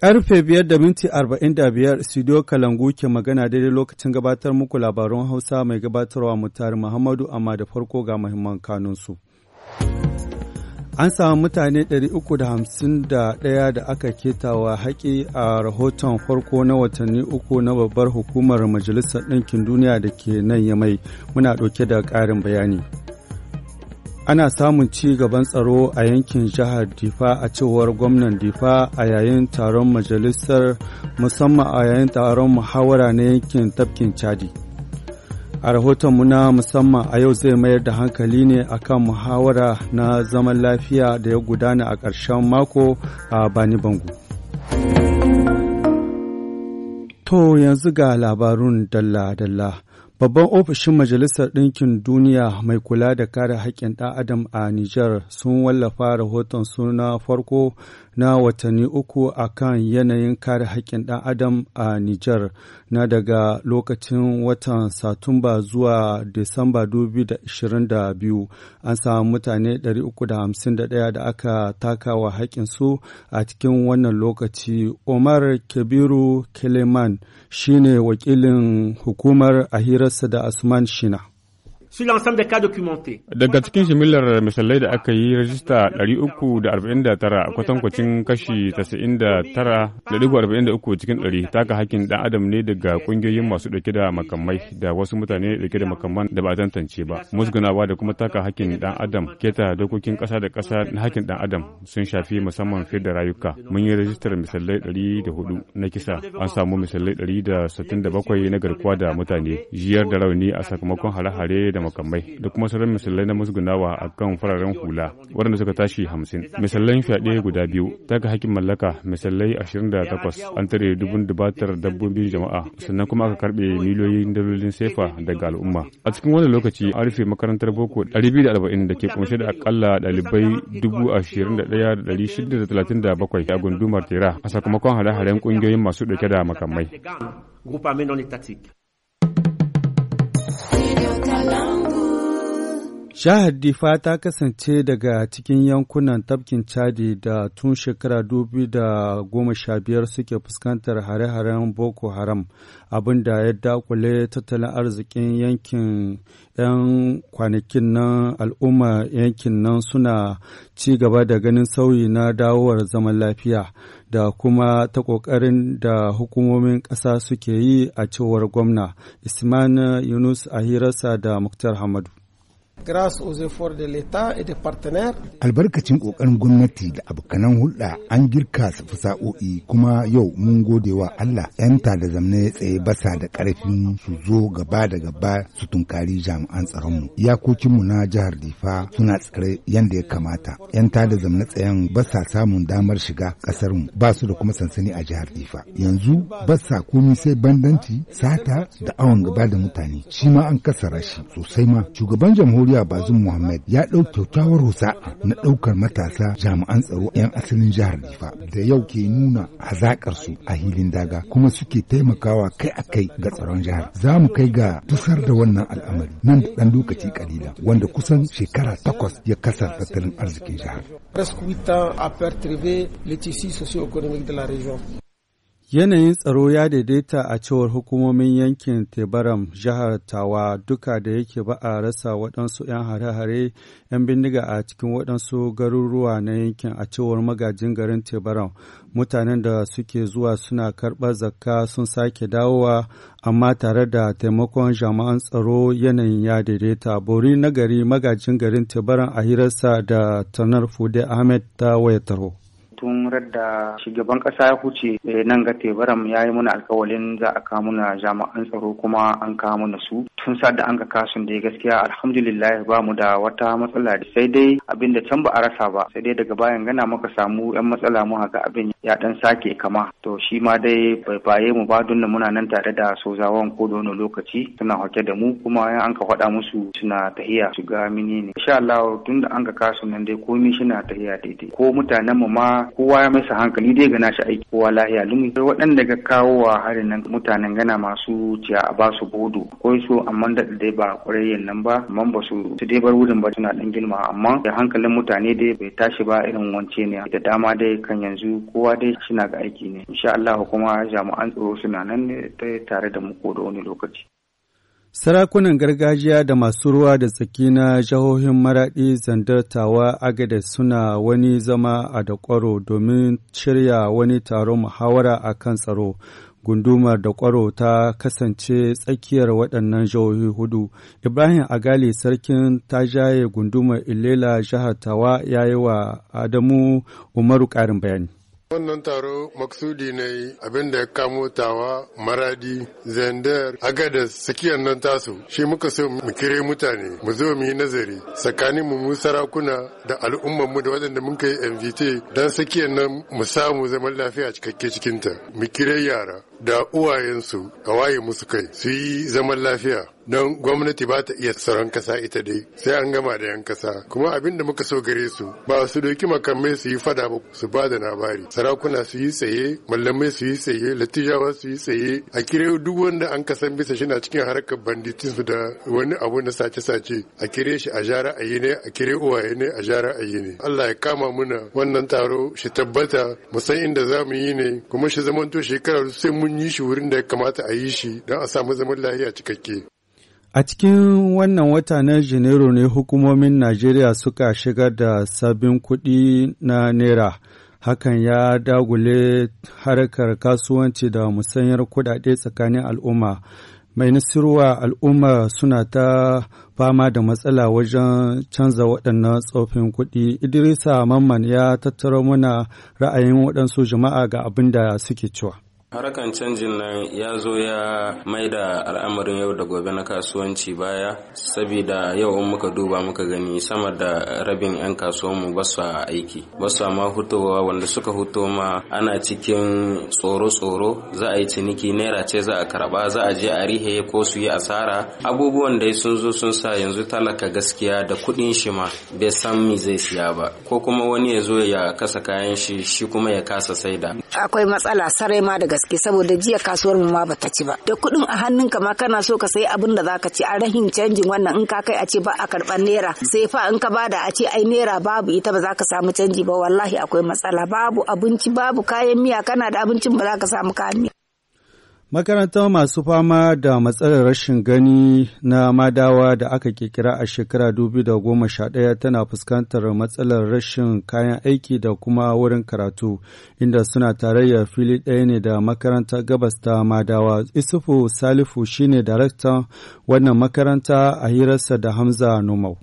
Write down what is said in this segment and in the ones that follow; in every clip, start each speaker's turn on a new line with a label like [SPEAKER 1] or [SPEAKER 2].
[SPEAKER 1] Karfe biyar da minti arba'in da biyar studio Kalangu ke magana daidai lokacin gabatar muku labarun Hausa mai gabatarwa mutari Muhammadu amma da farko ga muhimman kanunsu. An samu mutane 351 da aka ketawa haƙi a rahoton farko na watanni uku na babbar hukumar Majalisar Ɗinkin Duniya da ke nan ya mai muna ɗauke da ƙarin bayani. ana samun ci gaban tsaro a yankin jihar difa a cewar gwamnan difa a yayin taron majalisar musamman a yayin taron muhawara na yankin tafkin chadi a rahoton na musamman a yau zai mayar da hankali ne akan muhawara na zaman lafiya da ya gudana a ƙarshen mako a bani bangu to yanzu ga labarun dalla-dalla Babban ofishin Majalisar Ɗinkin Duniya mai kula da kare haƙƙin ɗan Adam a Nijar sun wallafa rahoton suna farko na watanni uku a kan yanayin kare haƙƙin ɗan adam a Nijar na daga lokacin watan Satumba zuwa Disamba 2022 an samu mutane 351 da aka takawa haƙƙinsu a cikin wannan lokaci. Omar Kabiru Keleman shine wakilin hukumar a hirarsa da Asman Shina.
[SPEAKER 2] sur l'ensemble des cas documentés.
[SPEAKER 1] Daga cikin jimillar misalai da aka yi
[SPEAKER 3] rajista 349 kwatankwacin kashi 99.43 cikin 100 taka hakkin dan adam ne daga kungiyoyin masu dauke da makamai da wasu mutane dauke da makaman da ba tantance ba. Musgunawa da kuma taka hakkin dan adam keta dokokin kasa da kasa na hakkin dan adam sun shafi musamman fiye da rayuka. Mun yi rajistar misalai 104 na kisa an samu misalai 167 na garkuwa da mutane jiyar da rauni a sakamakon hare-hare da da makamai da kuma sauran misalai na musgunawa a kan fararen hula waɗanda suka tashi hamsin misalan fyaɗe guda biyu ta ga hakkin mallaka misalai ashirin da takwas an tare dubun dubatar dabbobin jama'a sannan kuma aka karɓe miliyoyin dalolin sefa daga al'umma a cikin wani lokaci an rufe makarantar boko ɗari biyu da arba'in da ke kunshe da akalla ɗalibai dubu ashirin da ɗaya da ɗari shida da talatin da bakwai a gundumar tera a sakamakon hare-haren ƙungiyoyin masu ɗauke da makamai.
[SPEAKER 1] Jihar Difa ta kasance daga cikin yankunan tafkin Chadi da tun shekara dubi da goma sha biyar suke fuskantar hare-haren Boko Haram, abin da ya dakule tattalin arzikin yankin 'yan kwanakin nan al'umma yankin nan suna ci gaba da ganin sauyi na dawowar zaman lafiya da kuma ta ƙoƙarin da hukumomin ƙasa suke yi a cewar gwamna Isman Yunus Ahirasa da Muktar Hamadu.
[SPEAKER 4] Albarkacin ƙoƙarin gwamnati da abokanan hulɗa an girka su fasa'o'i kuma yau mun gode wa Allah 'yanta da zamne tsaye basa da ƙarfin su zo gaba da gaba su tunkari jami'an tsaronmu. Iyakokinmu na jihar Difa suna tsare yadda ya kamata. ta da zamne tsayen basa samun damar shiga ƙasarmu ba su da kuma sansani a jihar Difa. Yanzu basa komi sai bandanci, sata da awon gaba da mutane. Shi ma an kasara shi sosai ma. Shugaban jamhuri Najeriya Bazum Muhammad ya ɗau kyaukyawar husa'a na ɗaukar matasa jami'an tsaro 'yan asalin jihar Difa da yau ke nuna hazaƙarsu a hilin daga kuma suke taimakawa kai a kai ga tsaron jihar. Za mu kai ga tusar da wannan al'amari nan da ɗan lokaci kalila wanda kusan shekara takwas ya kasa tattalin arzikin jihar.
[SPEAKER 2] Presque 8 ans à perturber socio de la région.
[SPEAKER 1] Yanayin tsaro ya daidaita a cewar hukumomin yankin Tebaram jihar Tawa duka da yake ba a rasa waɗansu 'yan hare-hare 'yan bindiga a cikin waɗansu garuruwa na yankin a cewar magajin garin Tebaram. Mutanen da suke zuwa suna karɓar zakka sun sake dawowa amma tare da taimakon jama'an tsaro yanayin ya daidaita. Bori nagari magajin garin Tebaram a hirarsa da Tanar Fude Ahmed ta wayar
[SPEAKER 5] tun radda shugaban kasa ya huce eh, nan ga tebaram ya yi muna alkawalin za a kawo muna jami'an tsaro kuma an kawo muna su tun sa da an ga kasun da gaskiya alhamdulillah ba mu da wata matsala sai dai abin da can ba a rasa ba sai dai daga bayan gana muka samu yan matsala mu haka abin ya dan sake kama to shi ma dai bai baye mu ba dunna muna nan tare da sozawan ko da wani lokaci suna hake da mu kuma yan an ka faɗa musu suna tahiya Shiga mini ne insha Allah tun da an ga kasun nan dai komai shi na tahiya daidai ko mutanen mu ma kowa ya masa hankali dai ga nashi aiki kowa lahiya lumi waɗanda ga kawo wa harin nan mutanen gana masu ciya a basu su bodo akwai su amma da dai ba ƙwarayyen nan ba amma ba su su dai bar wurin ba suna ɗan girma amma da hankalin mutane dai bai tashi ba irin wance ne da dama dai kan yanzu kowa dai shi ga aiki ne insha Allah kuma jami'an tsaro suna nan ne tare da mu ko da wani lokaci.
[SPEAKER 1] Sarakunan gargajiya da masu ruwa da tsaki na jihohin Maraɗi tawa agada suna wani zama a Dakwaro domin shirya wani taron muhawara a kan tsaro. Gundumar daƙwaro ta kasance tsakiyar waɗannan jihohi hudu. Ibrahim Agali sarkin tajaye gundumar Ilela jihar Tawa ya yi wa Adamu Umaru ƙarin bayani.
[SPEAKER 6] Wannan taro maksudi ne abin da ya kamo tawa maradi zender agada tsakiyar nan tasu shi muka so mu kire mutane mu zo mu yi nazari tsakanin mu mu sarakuna da al'ummar mu da waɗanda muka yi mvt don tsakiyar nan mu samu zaman lafiya cikakke cikinta mu kire yara da uwayensu a waye musu kai su yi zaman lafiya don gwamnati ba ta iya tsaron kasa ita dai sai an gama da yan kasa kuma abin da muka so gare su ba su doki makamai su yi fada ba su ba da labari sarakuna su yi tsaye mallamai su yi tsaye latijawa su yi tsaye a kire duk wanda an kasan bisa shi na cikin harkar banditin su da wani abu na sace sace a kire shi a jara a yi ne a kire uwaye ne a jara a yi ne Allah ya kama muna wannan taro shi tabbata mu inda za mu yi ne kuma shi zamanto shekarar sai mun mun yi shi wurin da ya kamata a yi shi don a samu zaman lahiya cikakke.
[SPEAKER 1] A cikin wannan wata na Janairu ne hukumomin Najeriya suka shigar da sabbin kuɗi na Naira. Hakan ya dagule harkar kasuwanci da musanyar kuɗaɗe tsakanin al'umma. Mai nasirwa al'umma suna ta fama da matsala wajen canza waɗannan tsofin kuɗi. Idrisa Mamman ya tattara muna ra'ayin waɗansu jama'a ga abin da suke cewa.
[SPEAKER 2] Harakan canjin nan ya zo ya mai da al'amarin yau da gobe na kasuwanci baya, saboda yau in muka duba muka gani sama da rabin 'yan kasuwanmu ba su aiki, ba su ma hutowa wanda suka huto ma ana cikin tsoro-tsoro za a yi ciniki naira ce za a karba za a je a rihe ko su yi asara. Abubuwan da sun zo sun sa yanzu talaka gaskiya da kuɗin shi ma bai san mi zai siya ba, ko kuma wani ya zo ya kasa kayan shi shi kuma ya kasa saida.
[SPEAKER 7] Akwai matsala sarai ma daga gaske saboda jiya kasuwar mu ma bata ci ba da kuɗin a hannunka ma kana so ka sayi abin da zaka ci a rahin canjin wannan in ka kai a ce ba a karban naira sai fa in ka bada a ce ai naira babu ita ba za ka samu canji ba wallahi akwai matsala babu abinci babu kayan miya kana da abincin ba za ka samu kayan miya
[SPEAKER 1] Makarantar masu fama da matsalar rashin gani na madawa da aka kirkira a shekara 2011 tana fuskantar matsalar rashin kayan aiki da kuma wurin karatu, inda suna tarayya fili ɗaya ne da makarantar gabas ta madawa. Isufu Salifu shine daraktan wannan makaranta a hirarsa da Hamza Numau.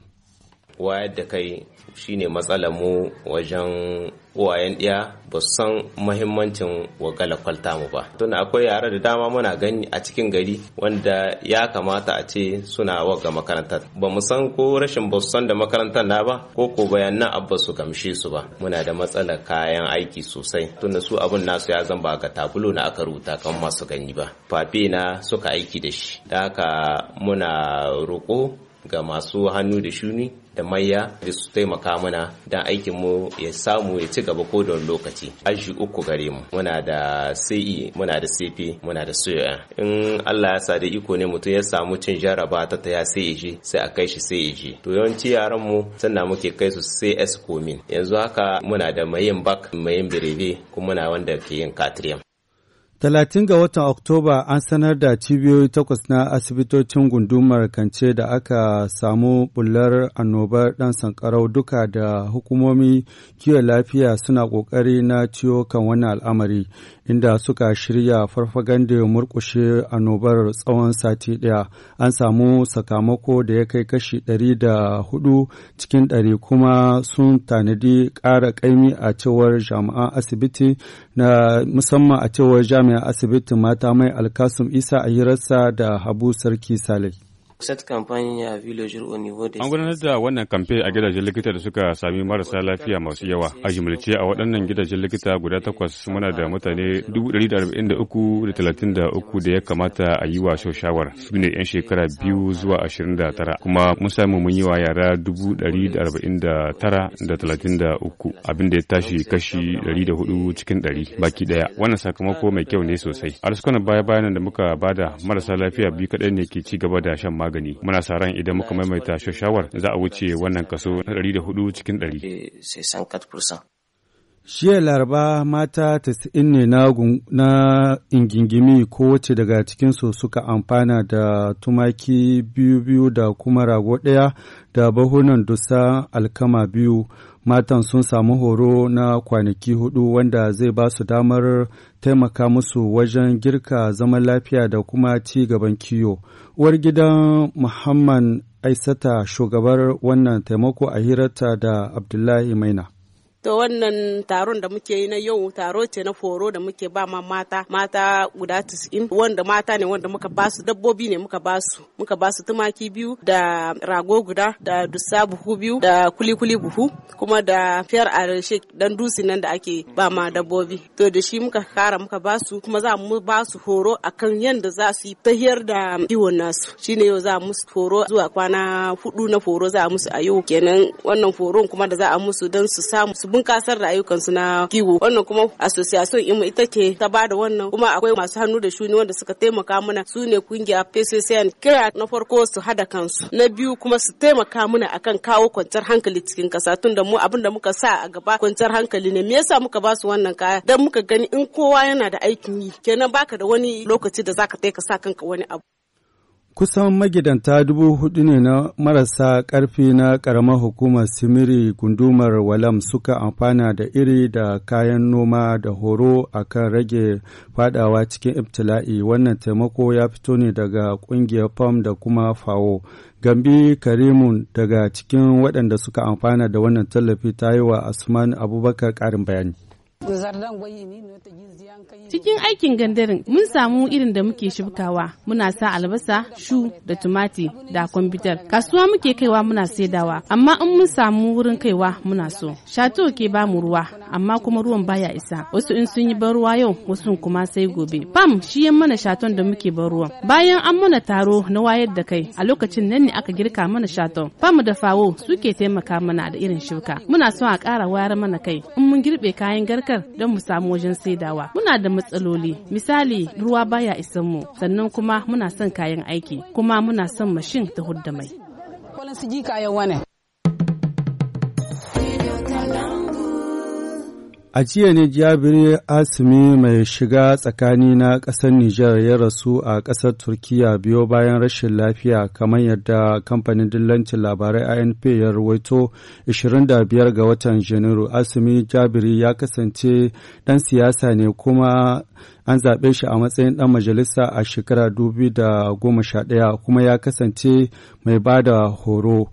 [SPEAKER 2] wayar da kai shine matsala mu wajen uwayen ɗiya ba su san mahimmancin wagala kwalta mu ba tuna akwai yare da dama muna gani a cikin gari wanda ya kamata a ce suna waga makarantar ba mu san ko rashin ba su san da makarantar na ba ko ko nan abba su gamshe su ba muna da matsala kayan aiki sosai tunda su abun nasu ya zamba ga tabulo na aka rubuta kan masu gani ba fafe na suka aiki da shi da haka muna roƙo ga masu hannu da shuni da mayya da su taimaka mana don aikin mu ya samu ya ci gaba ko don lokaci aji uku gare mu muna da CE muna da CP muna da CON e. in Allah ya sa da iko ne mutum ya samu cin jaraba ta taya sai ya je sai a kai shi sai ya je to yawanci yaran mu sannan muke kai su CS Komin yanzu haka muna da mayin bak mayin birebe kuma muna wanda ke yin katriyam
[SPEAKER 1] Talatin ga watan Oktoba an sanar da cibiyoyi takwas na asibitocin gundumar Kance da aka samu bullar annobar ɗan sankarau duka da hukumomi kiwon lafiya suna ƙoƙari na ciwo kan wani al'amari inda suka shirya farfaganda murkushe annobar tsawon sati ɗaya. An samu sakamako da ya kai kashi ɗari da hudu cikin ɗari kuma sun tanadi ƙara ƙaimi a cewar jami'an asibiti na musamman a cewar jami'an jami'a asibitin mata mai alkasum isa a hirarsa da habu sarki saleh
[SPEAKER 3] An gudanar da wannan kamfe a gidajen likita da suka sami marasa lafiya masu yawa. A jimilce a waɗannan gidajen likita guda takwas muna da mutane 143 da ya kamata a yi wa shawar. Su ne 'yan shekara biyu zuwa 29 kuma mun samu mun yi wa yara 149,033 abin da ya tashi kashi 104 cikin 100 baki ɗaya Wannan sakamako mai kyau ne sosai. A baya-bayanan da muka bada marasa lafiya biyu kaɗai ne ke ci gaba da shan magani. magani muna sa ran idan muka maimaita shawar za a wuce wannan kaso 104 cikin 100
[SPEAKER 1] Shiya laraba mata tasa'in ne na ingingimi ko kowace daga cikinsu suka amfana da tumaki biyu-biyu da kuma rago ɗaya da bahunan dusa alkama biyu. Matan sun samu horo na kwanaki hudu wanda zai ba su damar taimaka musu wajen girka zaman lafiya da kuma ci gaban kiyo. Uwar gidan Muhammad Aisata shugabar wannan taimako a hirarta da Abdullahi Maina.
[SPEAKER 7] To wannan taron da muke yi na yau taro ce na foro da muke ba ma mata mata guda 90 wanda mata ne wanda muka ba dabbobi ne muka basu su muka ba tumaki biyu da rago guda da dussa buhu biyu da kulikuli buhu kuma da fiyar arshe dan dusi nan da ake ba ma dabbobi to da shi muka kara muka ba kuma za mu ba su horo akan yanda za su yi tahiyar da kiwon nasu shine yau za mu horo zuwa kwana hudu na foro za a musu a yau kenan wannan foron kuma da za a musu dan su samu su bunkasar da ayyukansu na kiwo wannan kuma association imu ita ke ta bada wannan kuma akwai masu hannu da shuni wanda suka taimaka mana su ne kungiya PCCN kira na farko su hada kansu na biyu kuma su taimaka mana akan kawo kwanciyar hankali cikin kasa tun da mu abin da muka sa a gaba kwanciyar hankali ne me yasa muka ba su wannan kaya dan muka gani in kowa yana da aikin yi kenan baka da wani lokaci da zaka kai ka sa kanka wani abu
[SPEAKER 1] kusan magidanta dubu hudu ne na marasa ƙarfi na ƙaramar hukumar simiri gundumar walam suka amfana da iri da kayan noma da horo a kan rage fadawa cikin ibtila'i wannan taimako ya fito ne daga ƙungiyar fam da kuma fawo gambi karimun daga cikin waɗanda suka amfana da wannan tallafi ta yi wa asman abubakar ƙarin bayani
[SPEAKER 7] Cikin aikin gandarin mun samu irin da muke shibkawa muna sa albasa, shu da tumati da kwambitar. Kasuwa muke kaiwa muna saidawa amma in mun samu wurin kaiwa muna so. Shato ke ba mu ruwa amma kuma ruwan baya isa. Wasu in sun yi ban ruwa yau wasu kuma sai gobe. Fam shi yan mana shaton da muke ban ruwan. Bayan an mana taro na wayar da kai a lokacin nan ne aka girka mana shaton. Pam da fawo suke taimaka mana da irin shuka. Muna so a ƙara wayar mana kai in mun girbe kayan garka hakan don mu samu wajen saidawa muna da matsaloli misali ruwa baya isan mu sannan kuma muna son kayan aiki kuma muna son mashin ta hudda mai
[SPEAKER 1] A jiya ne Jabiri Asimi mai shiga tsakani na ƙasar Nijar ya rasu a ƙasar turkiyya biyo bayan rashin lafiya kamar yadda kamfanin dillancin labarai ANP ya ruwaito 25 ga watan Janairu. Asimi Jabiri ya kasance ɗan siyasa ne kuma an zaɓe shi a matsayin ɗan majalisa a shekara 2011 kuma ya kasance mai bada horo.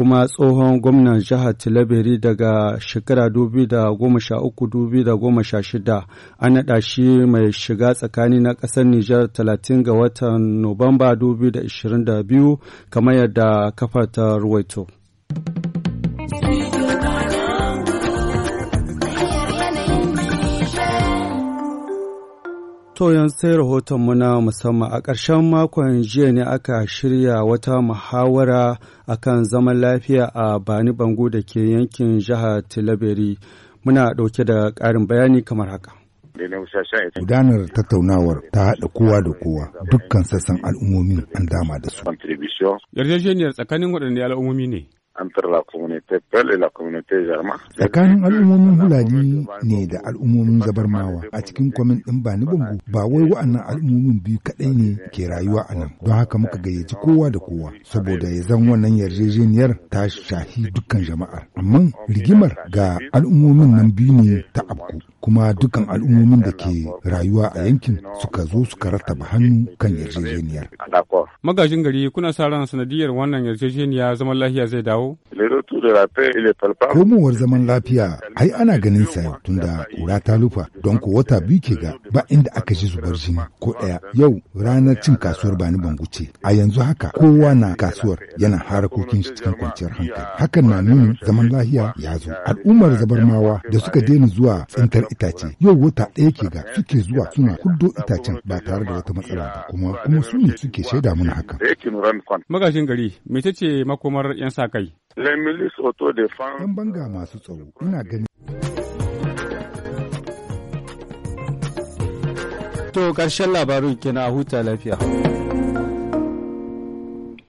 [SPEAKER 1] kuma tsohon gwamnan jihar tilabiri daga shekara 2013-2016 an naɗa shi mai shiga tsakani na ƙasar Nijar 30 ga watan Nuwamba 2022 kamar yadda kafar ta ruwaito. To yanzu sai rahoton na musamman a ƙarshen makon jiya ne aka shirya wata muhawara akan zaman lafiya a Bani Bango da ke yankin jihar
[SPEAKER 4] Tilaberi. Muna
[SPEAKER 1] ɗauke da ƙarin bayani kamar haka.
[SPEAKER 4] Gudanar tattaunawar ta haɗa kowa da kowa dukkan sassan al'ummomin an dama da su.
[SPEAKER 3] Yarjejeniyar tsakanin waɗanne al'ummomi ne? entre la communauté Peul et la communauté Jarma.
[SPEAKER 4] Tsakanin al'ummomin Hulani ne da al'ummomin Zabarmawa a cikin kwamin ɗin Bani Bambu ba wai wa'annan al'ummomin biyu kaɗai ne ke rayuwa a nan. Don haka muka gayyaci kowa da kowa saboda ya zan wannan yarjejeniyar ta shahi dukkan jama'ar. Amma rigimar ga al'ummomin nan biyu ne ta abku kuma dukkan al'ummomin da ke rayuwa a yankin suka zo suka rattaba hannu kan yarjejeniyar.
[SPEAKER 3] Magajin gari kuna sa ran sanadiyar wannan yarjejeniya zaman lafiya zai dawo dawo?
[SPEAKER 4] Komowar zaman lafiya ai ana ganin sa tunda kura ta lufa don ko wata biyu ke ga ba inda aka ji zubar jini ko ɗaya yau ranar cin kasuwar bani banguce a yanzu haka kowa na kasuwar yana harakokin shi cikin kwanciyar hankali hakan na nuni zaman lafiya ya zo al'ummar zabarmawa da suka daina zuwa tsintar itace yau wata ɗaya ke ga suke zuwa suna kuddo itacen ba tare da wata matsala ba kuma kuma su ne suke shaida mana haka.
[SPEAKER 3] Magashin gari mece ce makomar 'yan sa kai?
[SPEAKER 4] Yan banga masu tsaro ina ganin.
[SPEAKER 1] To ƙarshen labarin kina huta lafiya.